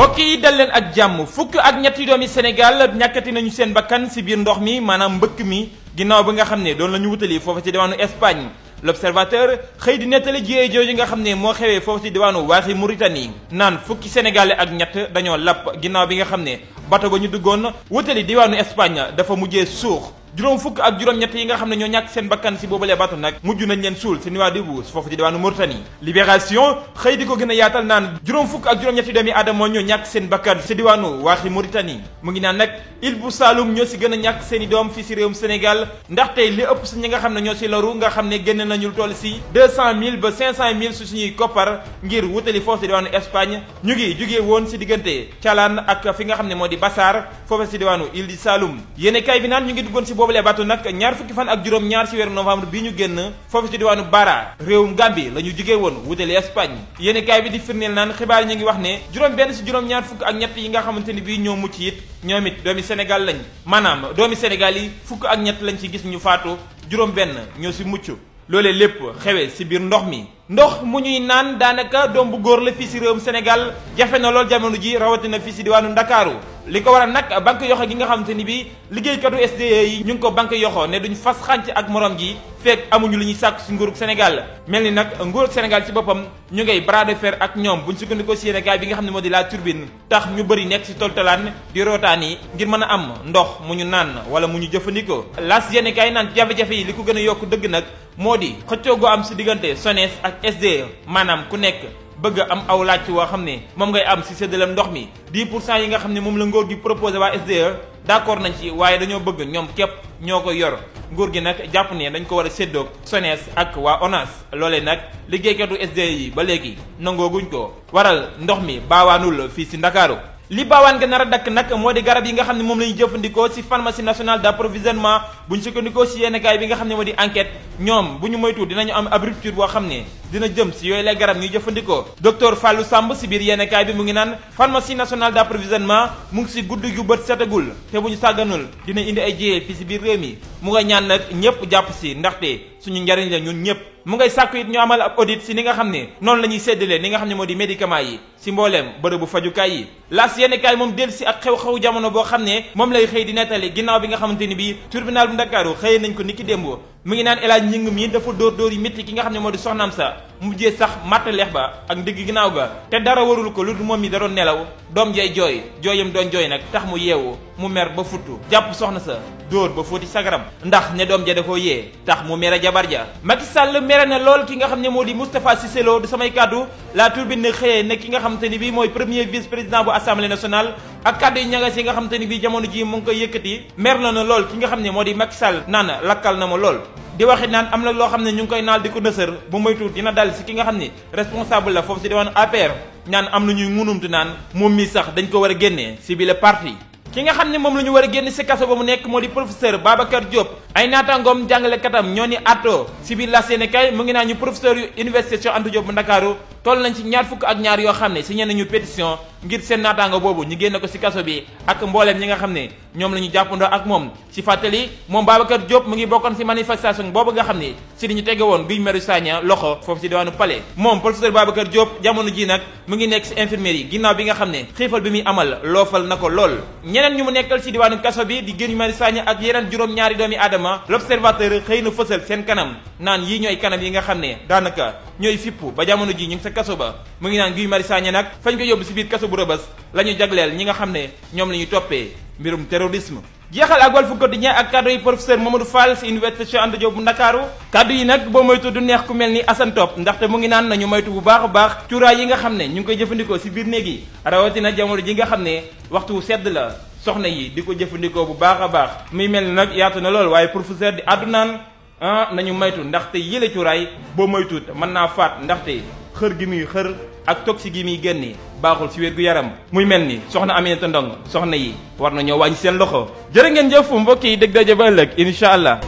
mbokk yi dal leen ak jàmm fukk ak ñetti doomi Sénégal ñàkkati nañu seen bakkan si biir ndox mi maanaam mbëkk mi ginnaaw bi nga xam ne doon la ñu wutali foofu ci diwaanu Espagne l'observateur xëy di nettali jiyee jooju nga xam ne moo xewee foofu ci diwaanu waaxi Mauritanie naan fukki sénégalais ak ñett dañoo lapp ginnaaw bi nga xam ne bato ba ñu duggoon wutali diwaanu Espagne dafa mujjee suux juróom fukk ak juróom-ñett yi nga xam ne ñoo ñàkk seen bakkan si boobalee baatu nag mujj nañ leen suul si diwaanu Mauritanie libération xëy di ko gën a yaatal naan juróom fukk ak juróom-ñetti doomi aadama ñoo ñàkk seen bakkan si diwaanu waaxi Mauritanie mu ngi naan nag île bu Saloum ñoo si gën a ñàkk seen i doom fii si réewum Sénégal ndaxte li ëpp si ñi nga xam ne ñoo si loru nga xam ne génn nañu toll si 200000 ba 500000 su suñuy koppar ngir wutali foofu si diwaanu Espagne ñu ngi jugee woon si diggante Thialane ak fi nga xam ne moo di Bassar foofu si diwaanu île du Saloum yéene boobulee bateau nag ñaar fukki fan ak juróom ñaar ci weeru novembre bi ñu génn foofu ci diwaanu Bara réewum Gambie la ñu jugee woon wutali Espagne yéeni kaay bi di firndeel naan xibaar ñu ngi wax ne juróom benn ci juróom ñaar fukk ak ñett yi nga xamante ni bii ñoo mucc it ñoom it doomi Sénégal lañ maanaam doomi Sénégal yi fukk ak ñett lañ ci gis ñu faatu juróom benn ñoo ci mucc loolee lépp xewee ci biir ndox mi ndox mu ñuy naan daanaka doom bu góor la fii ci réewum Sénégal jafe na lool jamono ji rawatina fii ci diwaanu Ndakaaru li ko waral nag banque yoxo gi nga xamante ni bi liggéeykatu SDE yi ñu ngi ko banque yoxo ne duñ fas xànc ak morom gi fekk amuñu li ñuy sàkk si nguurug Sénégal mel ni nag nguurug Sénégal ci boppam ñu ngay bras fer ak ñoom buñ sukkandikoo si yéene gaay bi nga xam ne moo di la turbine tax ñu bëri nekk si toltalaan di rootaan yi ngir mën a am ndox mu ñu naan wala mu ñu jëfandikoo las yéene gaay naan jafe-jafe yi li ko gën a yokk dëgg nag moo di xëccoo goo am si diggante SONES ak SDE maanaam ku nekk bëgg am aw laaj woo xam ne moom ngay am si séddaleem ndox mi di pour cent yi nga xam ne moom la ngóor gi proposé waa SDE d'accord nañ ci waaye dañoo bëgg ñoom képp ñoo ko yor nguur gi nag jàpp ne dañ ko war a séddoo SONES ak waa ONAS loolee nag liggéeykatu SDE yi ba léegi nangooguñ ko waral ndox mi baawaanul fii si Ndakaaru li baawaan nga nar a dakk nag moo di garab yi nga xam ne moom la ñu jëfandikoo ci pharmacie nationale d'approvisionnement bu ñu sukkandikoo ci yéenekaay bi nga xam ne moo di enquête ñoom bu ñu moytu dinañu am ab boo xam ne dina jëm si yooyu lay garab ñuy jëfandikoo docteur Fallou Samb si biir yéenekaay bi mu ngi naan pharmacie nationale d'approvisionnement mu ngi si gudd yu bët setagul te bu ñu sàgganul dina indi ay jéyee fii si biir réew mi mu nga ñaan nag ñëpp jàpp si ndaxte suñu njariñ la ñun ñëpp mu ngay sàkku it ñu amal ab audit si ni nga xam ne noonu la ñuy séddale ni nga xam ne moo di médicaments yi si mbooleem bërëbu fajukaay yi laas yéenekaay moom del si ak xew-xew jamono boo xam ne moom lay xëy di nettali bi nga xamante ni bi tribunal bu Ndakaaru nañ ko niki démb mu ngi naan El Hadj Ngingue mii dafa dóor dóor yi métti ki nga xam ne moo di soxnaam sa mujjee sax matt leex ba ak ndigg ginnaaw ga te dara warul ko lu dul moom mi da doon nelaw doom jay jooy jooyam doon jooy nag tax mu yeewu mu mer ba futtu jàpp soxna sa dóor ba fóoti sagaram ndax ne doom ja da koo yee tax mu mere jabar ja Macky Sall mere na lool ki nga xam ne moo di Moustapha Cissé Lo du samay kàddu la turbine ne xëyee ne ki nga xam te ni bi mooy premier vice président bu assemblée nationale ak kàddu yu ñagas yi nga xam te ni bi jamono ji mu ngi koy yëkkati mer na na lool ki nga xam ne moo di Macky Sall naan lakkal na ma lool di waxit naan am na loo xam ne ñu ngi koy naal di ko nësër bu moytuwul dina dal si ki nga xam ni responsable la foofu si diwaan APR ñaan am na ñuy munumtu naan moom mii sax dañ ko war a génnee si bile ki nga xam ne moom la ñu war a génn si kaso ba mu nekk moo di professeur Babacar Diop ay naataangoom jàngalekatam ñoo ni àttoo si biir las yéene kay mu ngi naa ñu professeur yu université Cheikh Anta Diop bu Ndakaaru toll nañ ci ñaar fukk ak ñaar yoo xam ne signé nañu pétition ngir seen naataango boobu ñu génne ko si kaso bi nga xam ne ñoom la ñu jàppandoo ak moom si fàttali moom Babacar Diop mu ngi bokkoon si manifestation boobu nga xam ne si li ñu tege woon Guy Marius Sagna loxo foofu si diwaanu Palais moom professeur Babacar Diop jamono ji nag mu ngi nekk si infirmerie yi ginnaaw bi nga xam ne xiifal bi muy amal loofal na ko lool ñeneen ñu mu nekkal si diwaanu kaso ñaari doomi aadama actuellement l'observateur xëy na fësal seen kanam naan yii ñooy kanam yi nga xam ne daanaka ñooy fippu ba jamono ji ñu ngi sa kaso ba mu ngi naan Guy Marius nag fañ ko yóbbu si biir kaso bu rëbës la jagleel ñi nga xam ne ñoom la ñu toppee mbirum terrorisme jeexal ak Walf Quotidien ak kaddu yi professeur Mamadou Fall si université Cheikh Anta bu Ndakaaru kaddu yi nag boo moytu du neex ku mel ni Assane Top ndaxte mu ngi naan nañu moytu bu baax a baax cuuraay yi nga xam ne ñu ngi koy jëfandikoo si biir néeg yi jamono ji nga xam ne waxtu sedd la soxna yi di ko jëfandikoo bu baax a baax muy mel ni nag yaatu na lool waaye pour fu seet di àddunaan ah nañu maytu ndaxte yële cuuraay boo moytuut mën naa faat ndaxte xër gi muy xër ak toxique gi muy génne baaxul ci wér-gu-yaram muy mel ni soxna amee Aminata Ndong soxna yi war na ñoo wàññi seen loxo jërë ngeen jëf mbokk yi dëgg daje ba ëllëg incha allah